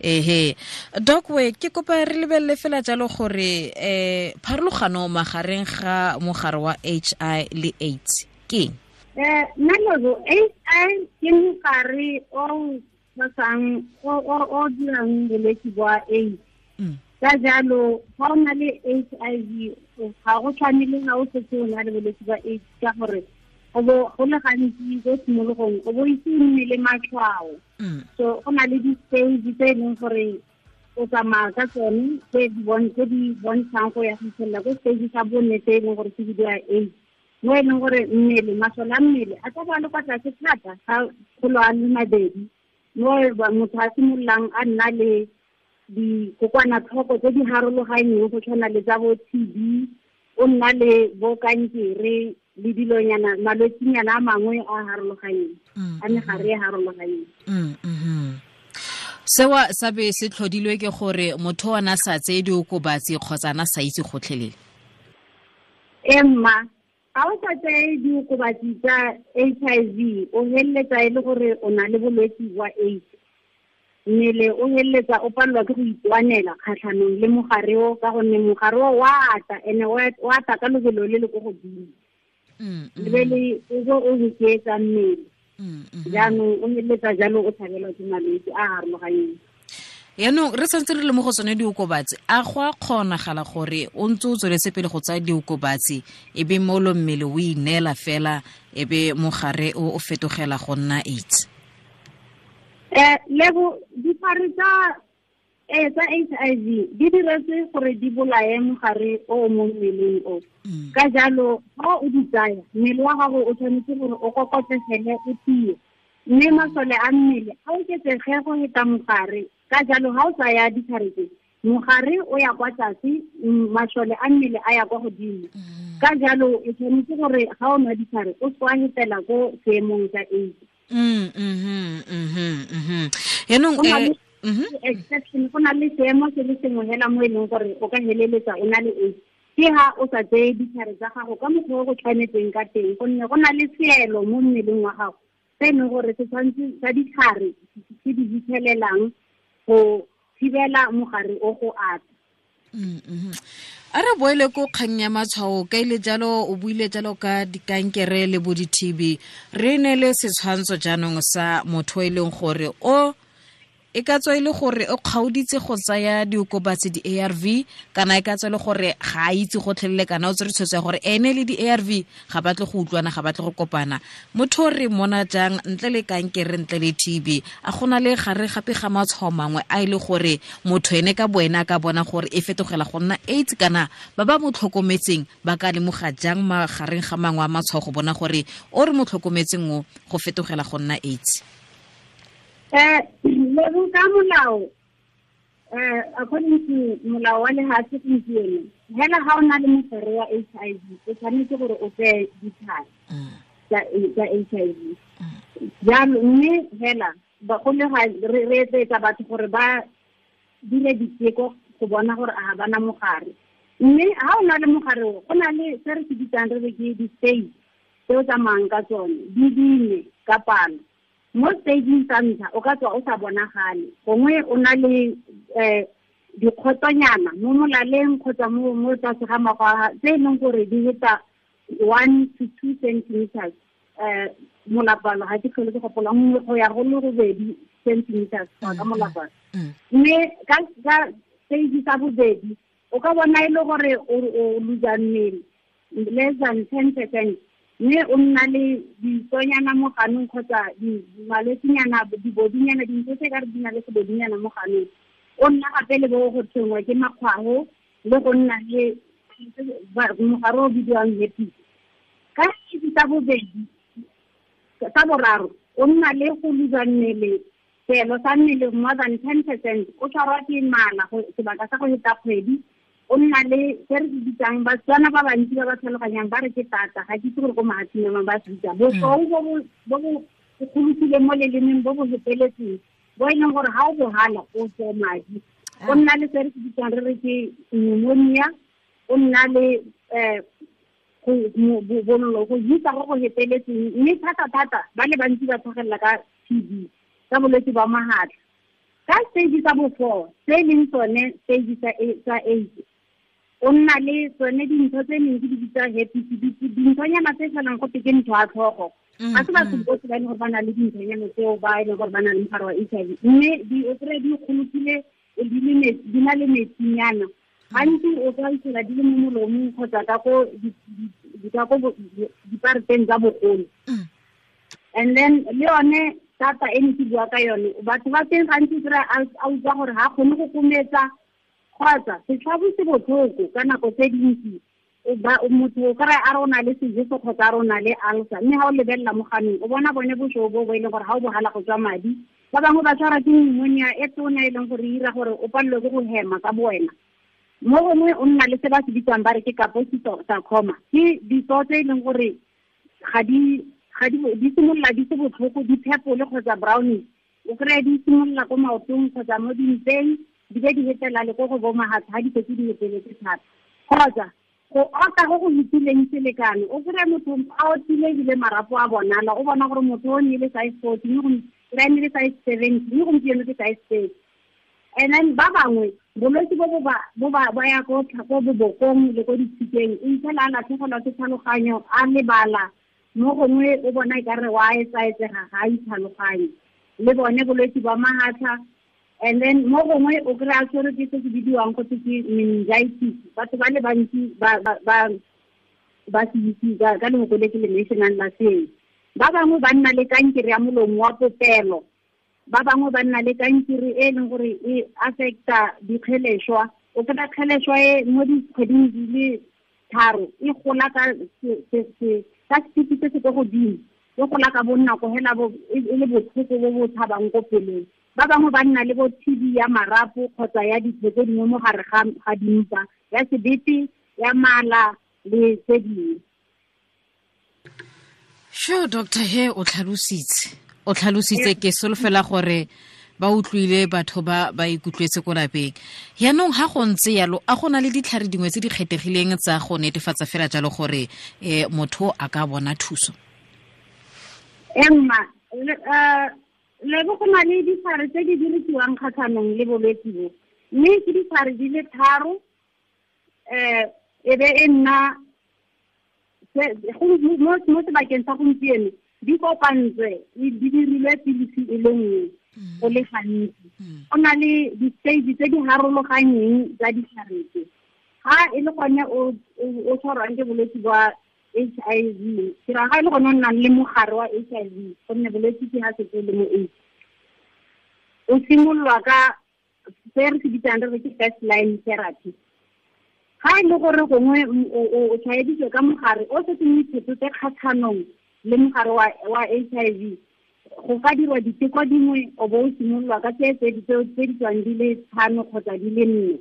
ehe dokwe ke kopa re lebelele fela jalo gore um pharologano magareng ga mogare wa h i le aids ke eng eh, nalobo h i ke mogare o basang o dirang bolwetse jwa aids mm. ka jalo ga o na le h i v ga go tshwanele ga o setse o na le bolwetse jwa aids ka gore Ovo kone kani ki yo simul kong. Ovo iti yon mele ma chwa ou. So, kon ale di seji, seji yon kore osama kakoni. Seji bon, seji bon sanko ya hisen lakon. Seji sabon nete yon kore siji diya en. Nwen yon kore mele, masola mele. Ako wan lopata se chata, sa kulo an yon madeni. Nwen yon mwata simul lang an nale di koko an atoko. Seji haro lo kani yon kote yon ale zavo tibi. On nale vokan kerey. le dilonyana malwetsenyana a mangwe a harologaneng mm, a megare mm, mm. e harologaneng mm-hmm. seo sa be se tlhodilwe ke gore motho ona sa tseye diokobatsi kgotsa na sa itse gotlhelele emma ga o sa tseye diokobatsi tsa h i v o feleletsa e le gore o na le bolwetsi wa aids mmele o feleletsa o palelwa ke go itwanela kgatlhanong le mogare o ka gonne mogare o wa ata and-e o ata ka lobelo le le ko godimo le be le o bo o go tsietsa mmele jaanong o meletsa jalo o tshabelwa ke malwetse a a harologaneng yaanong re santse re le mo go tsone diokobatsi a go a kgonagala gore o ntse o tsweletse pele go tsaya diokobatsi e be molo mmele o ineela fela e be mogare o fetogela go nna aids um eh, lebo dipare tsa E sa e sa e zi, didi re se kure dibu la e mkare, ou moun wili ou. Hmm. Ka zalo, ha ou di zaya, milwa e ha ou ou chanitikoun, ou koko te chenye, ou tiye. Ne masole anmele, ha ou te te chenye, konye ta mkare. Ka zalo, ha ou sa ya di zare de. Mkare, ou ya kwa chasi, masole anmele, a ya kwa kwa di yon. Hmm. Ka zalo, ou e chanitikoun, re ha ou ma di zare. Ou kwa ni tela go, se moun za e zi. Hmm, hmm, hmm, hmm, hmm, hmm. E nou, e... Mhm. exception go na le seemo se le sengwe hela mo e leng gore o ka heleletsa o na le aids ke ha o sa tseye ditlhare tsa gago ka mokgwa o go tshwanetseng ka teng gonne go na le seelo mo mmeleng wa gago se e leng gore se tshwanetse sa ditlhare se di fitlhelelang go thibela mogare o go ata mm, mm-hmm. a re boele ko kgang ya matshwao ka ile jalo o buile jalo ka dikankere le bo di-tb re ne le setshwantsho jaanong sa motho e leng gore o e ka tswa e le gore o kgaoditse go tsaya diokobatse di-arv kana e ka tswa e le gore ga a itse gotlhelele kana o tse re tshwetso ya gore ene le di-arv ga batle go utlwana ga batle go kopana motho o re mona jang ntle le kankere ntle le tb a gona le gare gape ga matshwao mangwe a e le gore motho ene ka bo ene a ka bona gore e fetogela go nna aids kana ba ba mo tlhokometseng ba ka lemoga jang magareng ga mangwe a matshwao go bona gore o re mo tlhokometseng o go fetogela go nna aids um lemu ka molao um according to molao wa lehatshe gompieno fela ga o na le mofere wa h i v o tshwanetse gore o tseye ditlhare tsa h i v jalo mme fela go le re etsetsa batho gore ba dire diteko go bona gore a bana mogare mme ha o na le mogare o go na le se re se bitsang re be ke di state tse o tsamayang ka tsone di dine ka palo mo staging sa ntlha o ka tswa o sa bonagale gongwe o na le um eh, dikgotsonyana mo molaleng kgotsa mo tlase ga magoaga tse e leng gore di feta one to two centimeters um molapalo ga ke tlhole ke gopola nngwe go ya go le robedi centimeters ka molapalo mm-hmm. mme ka stage sa bobedi o ka bona e le gore o lusa mmele less than ten percent Ne on nale di sònya nan mwokanon kwa ta di mwale ti nyan nan di bodi nyan nan di mwote kar di nan le se bodi nyan nan mwokanon. On naka pele pou kwa chen wajen makwa ho, lo kon nale mwokarou bidwa yon yeti. Ka chibi tabo bedi, tabo laro, on nale kou li zan nele, se lo zan nele mwazan ten pesen, kwa charote manan, se baka sa kwenye ta kwenye di, Oni nale serj di jan, bas jan ap ap anjiba bat salokanyan, bare ke tata, hajit kouro koma hati naman bas vijan. Bo mm. sou, bo bo, bo bo, kouri ki le moli le men, bo bo hepele si, bo enan kor hawo bo hala, kon se maji. E oni nale serj di jan, re reke, koumoun ya, oni nale, eh, koumoun lo, koujita ho ko hepele si, ne tata tata, bale anjiba pakalaka, tiji, tabole si waman hat. Ka sej di tabo fò, sej di tabo fò, sej di tabo fò, o nna le tsone dintho tse neng ke di bitsa happy sediti dinthonyana tse felang gote ke ntho a tlhogo ga mm, se batho mm. botlhe ba e gore ba na le dinthonyana tseo ba e leng gore ba na le mogare wa h i v mme di o kry di kgolokile e di na le metsinyana mm. gantsi o ka itshela di le mo molomong kgotsa ka ko diparteng tsa bogolo and then le yone tata e ne ke bua ka yone batho ba teng gantsi kry a utlwa gore ga kgone go kometsa kgotsa setlhabose botlhoko ka nako tse dintsi motho o kry a re o na le sejeso kgotsa a re o na le alsa mme ga o lebelela moganong o bona bone bosoo bo bo e leng gore ga o bogala go tswa madi ba bangwe ba tshwarwa ke mmonia e tona e leng gore ira gore o palelwe ke go hema ka bowena mo gongwe o nna le se ba se bitsang ba re ke kaposito sa coma ke ditso tse e leng gore di simolola di se botlhoko diphepole kgotsa browni o kry-e di simolola ko maotong kgotsa mo dinteng di be di hetelale ko go boma ga ha di heteletse thata kgotsa go oka go go itileng selekano o kry-e motho a otile ebile marapo a bonala o bona gore motho o ne le size forty nne le size seventy mme gompieno ke size thirty and then ba bangwe bolwetse bo bo ya ko bobokong le ko ditshikeng o itlhela a latlhegelwa ke tlhaloganyo a lebala mo gongwe o bona e ka re wa etsaetsega ga a itlhaloganye le bone bolwetse ba magatlha En den, mou mwen okre a kyon ki se si bidyo an kote ki men jayi ti. Pati wane bansi, basi di ti, gani moun kone ki le neshe nan la se. Baba moun ban nalekan ki re amoulou mwate tenlo. Baba moun ban nalekan ki re enongori e asekta di khele shwa. Okre da khele shwa e moun di khele zile taro. E konaka se se se. Tak titi se te kou di. E konaka bon na konen abo, e lebo kote wou taban kope le. ba bangwe ba nna le bo tb ya marapo kgotsa ya ditho tse dingwe mo gare ga dimpa ya sebete ya mala le tse dingwe sure doctor he o tlhalositse o tlhalositse ke solofela gore ba utlwile batho ba ba ikutlwetse ko lapeng yaanong ga go ntse yalo a gona le ditlhare dingwe tse di kgethegileng tsa go netefatsa fela jalo gore um motho a ka bona thuso emma um lebo go na le ditlhare tse di dirisiwang kgatlhanong le bolwetse bo mme ke ditlhare di le tharo um e be e nna mo sebakeng sa gompieno di kopantswe di dirilwe pilisi e le nngwe mm. go le gantsi mm. go na le di-stage tse di harologanyeng tsa ditlhare tse ga e le gone o tshwarwang ke bolwetse ba HIV ke ra ga e le go o nnang le mogare wa HIV gonne bolwetse ke ga setse le mo AIDS o simolwa ka se re se bitsang re ke first line therapy ga e le gore gongwe o tshwaeditswe ka mogare o setse mo itshetsotse kgatlhanong le mogare wa HIV go ka dirwa diteko dingwe o bo o simololwa ka tse tse di tswang di le tlhano kgotsa di le nne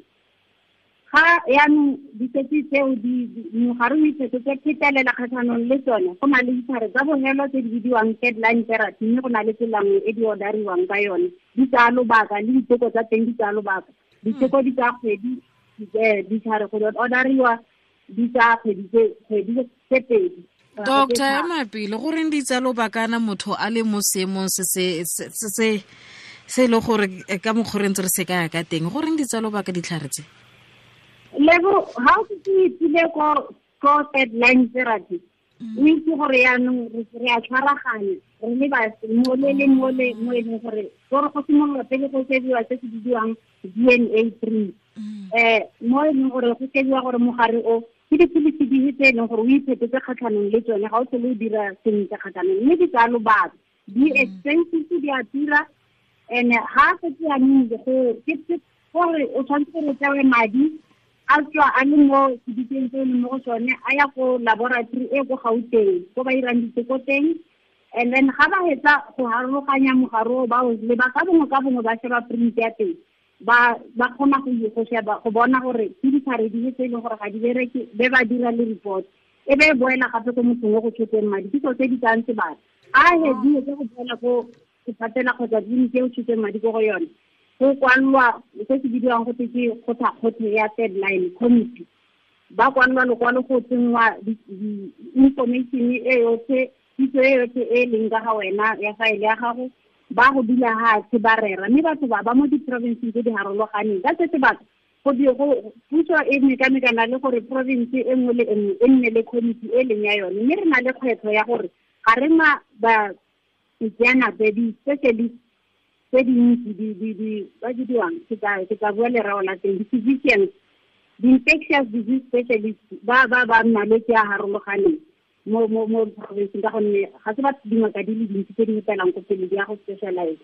ga yaanong ditsetsi tseo mogare o itsetsetse phetelela kgatlhanong le tsone go na le ditlhare tsa bogelo tse di bidiwang deadline therapy mme go na le tselangwe e di ordariwang ka yone di tsaya lobaka le diteko tsa teng di tsaya lobaka diteko di tsaya kgwedi eh, ditlhare go ordariwa di tsaya kgwedi tse pedi doctor ema pele goreng di tsa lobakana motho a le mo seemong se se e le gore ka mokgorentse re se ka ya ka teng goreng di tsa lobaka ditlhare tse lebo ha o se tsile ko ko set line therapy we tsi gore ya nung re re a tshwaragana re le ba se mo le le mo le mo le gore gore go simolola pele go se diwa se se diwang DNA 3 eh mo le gore go se diwa gore mogare o ke di pilisi di hitse leng gore o iphetetse kgatlhanong le tsone ga o tlhole o dira sentle kgatlhanong mme di tsalo batho di expensive di a tira and ha se tsi a nne go ke ke gore o tshwanetse go tsewa madi Altyo anin wou, si di ten ten nou mwoswane, aya kou laboratiri e wou kawte, kou bayi randite kou ten, en ven kaba he ta kou harou kanya mwou harou ba wos, le ba kabou mwokabou mwobashe waprin te ate, ba kou mwakou ye koushe, ba kou bonakou re, ti di kare di ye ten yon kwa kadi, be ba dila li repot, e be e bwena kato kou mwokon yo kou choten madi, ki so te di tansi ba, a he di e te kou bwena kou, ki paten la kou tajini, ke wou choten madi kou koyon. go kwanwa se se bidiwang go te ke kgothakgothe ya third line committee ba kwanwa lokwalo go tsenngwa information e yotlhe kitso e yotlhe e e leng ka ga wena ya faele ya gago ba go dula gatshe ba rera mme batho ba ba mo di-provinceng tse di harologaneng ka se sebaka puso e mekamekana le gore province e nngwe le e nngwe e nne le committee e leng ya yone mme re na le kgwetlho ya gore ga re na baitseanape di-specialist tse dintsi ba di diwang ke ka bua lerao la teng di-physicians di-infectious disease specialist ba ba ba malwetse a harologaneng mo mo mo province ka gonne ga se batho dingaka di le dintsi tse di ipelang ko pele di ya go specialize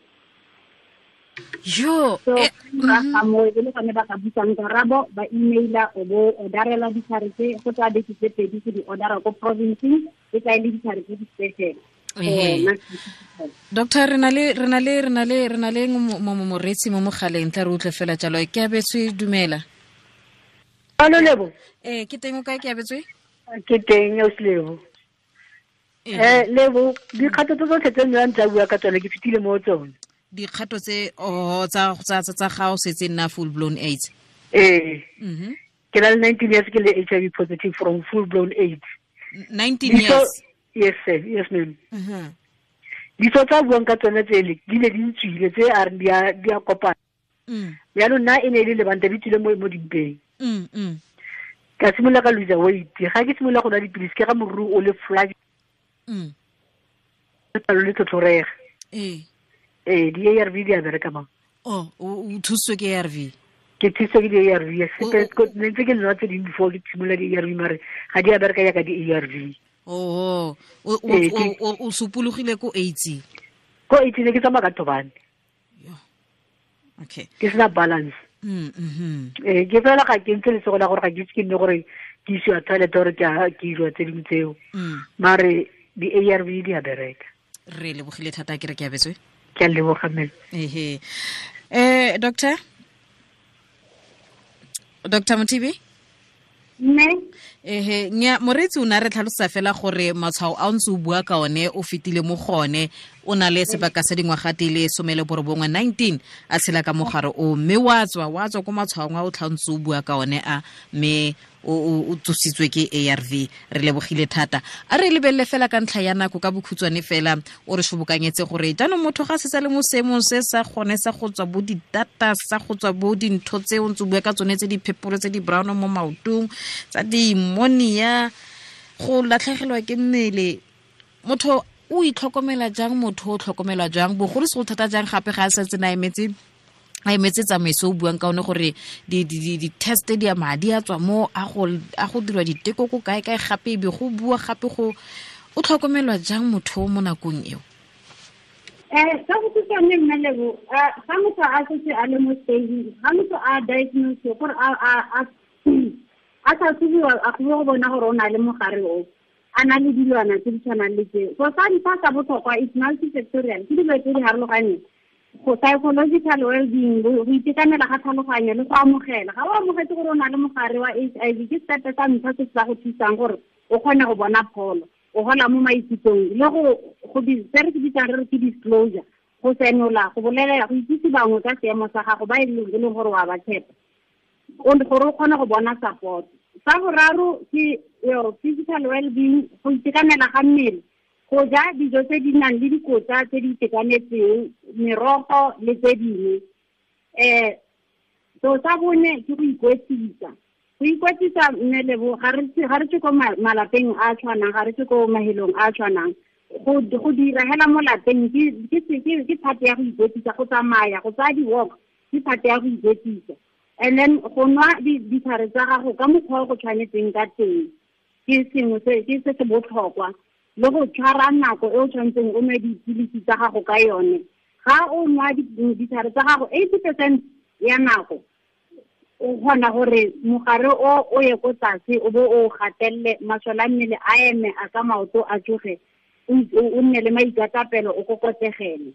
jo eh, mm-hmm. ka mo e le gone ba ka busang karabo ba emaila o bo orderela ditlhare tse go tsaya beke tse pedi go di ordera ko province e tsa e le ditlhare tse di special Eh, doctor re na le re na le re na le re na le moretsi mo mogaleng tla re utlwe fela jalo ke abetswe dumela alo lebo eh ke teng o kae ke abetswe ah, ke teng o lebo eh. eh lebo dikgato tse tsotlhe tse nnyang tsa bua ka tsone ke fetile mo tsone dikgato tse o oh, tsa tsa tsa gao setse nna full blown aids eh mhm. ke na le 19 years ke le HIV positive from full blown aids 19 years yes sir yes ma'am uh-huh. ditso tsa buang ka tsone tsele di ne di ntswile tse a re di a kopana mm. jaanong nna e ne e le lebanta di tswile mo dimpeng mm, mm. ka simolola ka loser weight ga ke simolola go nwa dipilisi ke ga moruru o le flag palo le tlhotlhorega ee eh. eh, di-a r v di a bereka mang oh, o thusitswe ke a r v ke thusitswe ke di-a r v ne ntse ke lenwa tse dingwe before ke simolola di-a r v mare ga di a bereka yaka di-a r v Oh, oh. Ee, o o supologile ko eighty ko eighty ne ke tsamaya ka tobane okay ke sena balance mm, mm-hmm. ee ke fela ga ke ntse lesego la gore ga ke itse ke nne gore ke isiwa toilet gore ke isiwa tse dingwe tseo mm. mare di-a r v di a bereka re lebogile thata ke re ke abetswe ke a leboga mmele ehe um doctor doctor motibi ehe nya moreetsi o ne re tlhalosa fela gore matshwao a o ntse o bua ka one o fetile mo gone o na le sebaka sa dingwaga di le somele borobongwe 19 a tshela ka mogare o mme wa tswa wa tswa ko matshwaong a o tlha ntse o bua ka one a mme o tsositswe ke arv re lebogile thata a re lebelele fela ka ntlha ya nako ka bokhutswane fela o re sobokanyetse gore jaanong motho ga se sa le mo seemong se sa gone sa go tswa bo di-data sa go tswa bo dintho tse o ntse o bua ka tsone tse diphepolo tse di-brown mo maotong tsa dimonia go latlhegelwa ke mmele motho o itlhokomela jang motho o tlhokomelwa jang bogolo se go thata jang gape ga a setse na emetse a emetse tsamaiso o buang ka one gore di-test di a madi a tswa mo a go dirwa diteko ko kae kae gape ebe go bua gape go o tlhokomelwa jang motho mo nakong eo um eh, ka go tsetsane mmelebo fa eh, motho a setse a le mo staging ga motho a diagnose gore a sa tsebiwa a go bona gore o na le mogare o a na le dilwana tse di tshwanang le tseo so sa ntlha sa botlhokwa it's multi sectorial ke dilo tse di harologaneng go psychological well-being go itekanela ga tlhaloganyo le go amogela ga o amogetse gore o na le mogare wa h i v ke stepe sa ntlha se se tla go thusang gore o kgone go bona pholo o gola mo maikutlong le go se re se bitsang re re ke disclosure go senola go bolelela go itsise bangwe ka seemo sa gago ba e leng e gore wa ba tshepa gore o kgone go bona support sa boraro ke physical well-being go itekanela ga mmele go ja dijo tse di nang le dikotla tse di itekanetseng merogo le tse dingwe um so sa bone ke go ikwetlisa go ikwetlisa mmelebo ga re tse ko malapeng a tshwanang ga re tse ko mahelong a tshwanang go dira hela mo lapeng ke thate ya go ikwetlisa go tsamaya go tsaya di-walk ke thate ya go ikwetlisa and then go nwa ditlhare tsa gago ka mokgwa o go tshwanetseng ka teng ke sengwe se se botlhokwa loko chara nako, ou chan ton ou me di tili si zahako kayone. Ka ou mwadi di zahako, zahako 80% yanako. Ou kwa nan hore, mwakare ou ouye kota si, oubo ou katele, masolamile, ae me, akama ou tou, a chukhe, ou mnele me i jatapelo, ou koko se kene.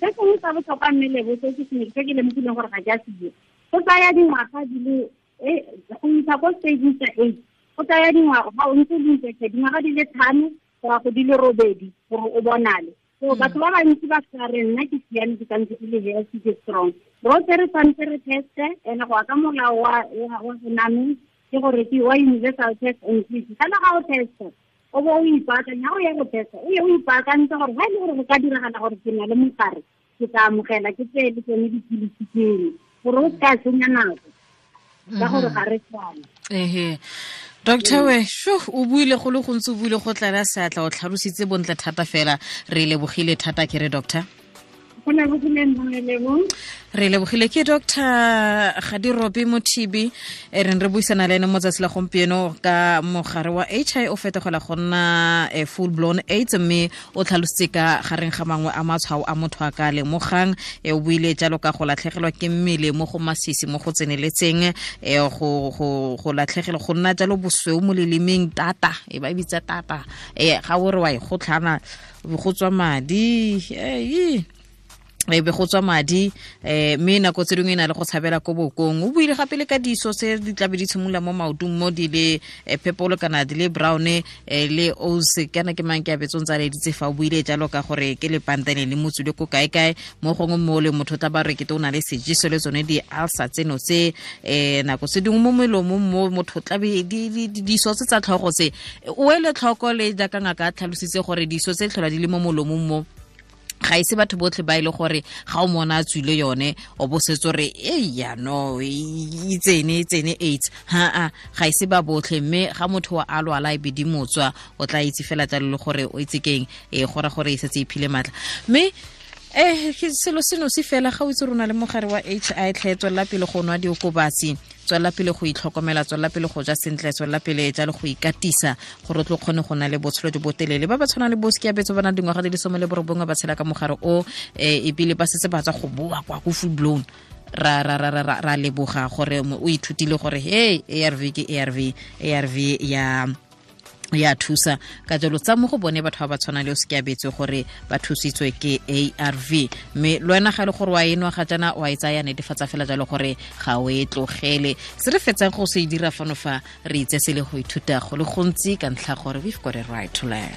Se konon sa vokan me levo, se ki le mwakare eh, kaya si di, to taya di wakazi li, e, konon sa kote yi dite 8. o tsaya dingwaga ga o ntse o lentsetlhe dingwaga di le tlhano go ya go di le robedi gore o bonale so hmm. batho ba bantsi ba sa re nna ke siame ke santse ke le healthy ke strong rotlhe re tshwanetse re teste and go ya ka molao wa senameng ke gore ke wa universal test and treat kana ga o testa o bo o ipaakanya go ya go testa o ye o ipaakantse gore ga e le gore go ka diragala gore ke na le mogare ke tla amogela ke tseye le tsone dipilisi tseno gore o ka senya nako ka mm-hmm. gore ga re tshwana ehe dr mm. we sho o buile go le go ntse o buile go tlala seatla o tlhalositse bontle thata fela re lebogile thata ke re doctor re lebogile ke doctor gadirobi mothibi e reng re buisana le ene mo tsatsi la gompieno ka mogare wa h i o fetogela go nna eh, full blown aids mme o tlhalositse ka gareng ga mangwe a matshwao a motho a ka lemogang e o buile jalo ka go latlhegelwa ke mmele mo go masisi mo go tseneletseng um go latlhegelwa go nna jalo bosweu mo lelemeng tata e ba e bitsa tata e eh, ga o re wa e gotlhana go tswa madi eh, ee e be go tswa madi um mme nako tse dingwe e na le go tshabela ko bokong o buile gape le ka diso se di tlabe di tshimolola mo maotong mo di le eh, phepolo kana di le brown eh, le ose kana ke mang ke abetsong tsa leditse fa o buile jalo ka gore ke le pantane le motswile ko kaekae mo gongwe mo le motho tla ba re o na le sejiso le tsone di-alsa tseno tse um nako tse dingwe mo melomong mo motho tlabe diso tse tsa tlhogo tse o ele tlhoko le jaaka ngaka a tlhalositse gore diso tse tlhola di le mo molomong mo ga ise batho botlhe ba ile e gore ga o mona a tswile yone o bosetse gore e yano no e tsene e ha a ga ise ba botlhe mme ga motho wa a lwala e bedi motswa o tla itse fela tsa le gore o itse keng e gore gore e setse e phile matla mme eh selo seno se fela ga o itse rona le mogare wa h i tlhe tswelela pele go nwa di diokobatsi tswela pele go itlhokomela tswela pele go ja sentle tswela pele e ja le go ikatisa gore tlo kgone go na le botshelo jo botelele ba ba tshwana le betso ba na dingwaga di le some le borobongwe ba tshela ka mogare o eh, ebile ba setse ba tswa go boa kwa ko food blown ra ra ra ra ra leboga gore o ithutile gore hey ARV ke ARV ARV ya yeah ya thusa ka jalo tsa mo go bone batho ba ba tshwana le o sekeabetse gore ba thusitswe ke arv mme le wena ga e le gore wa enwa ga jana wa e tsaya netefatsa fela jalo gore ga o e tlogele se re fetsang go se dira fano fa re itse se le go ithuta go le gontsi ka ntlha gore we've got a right to learn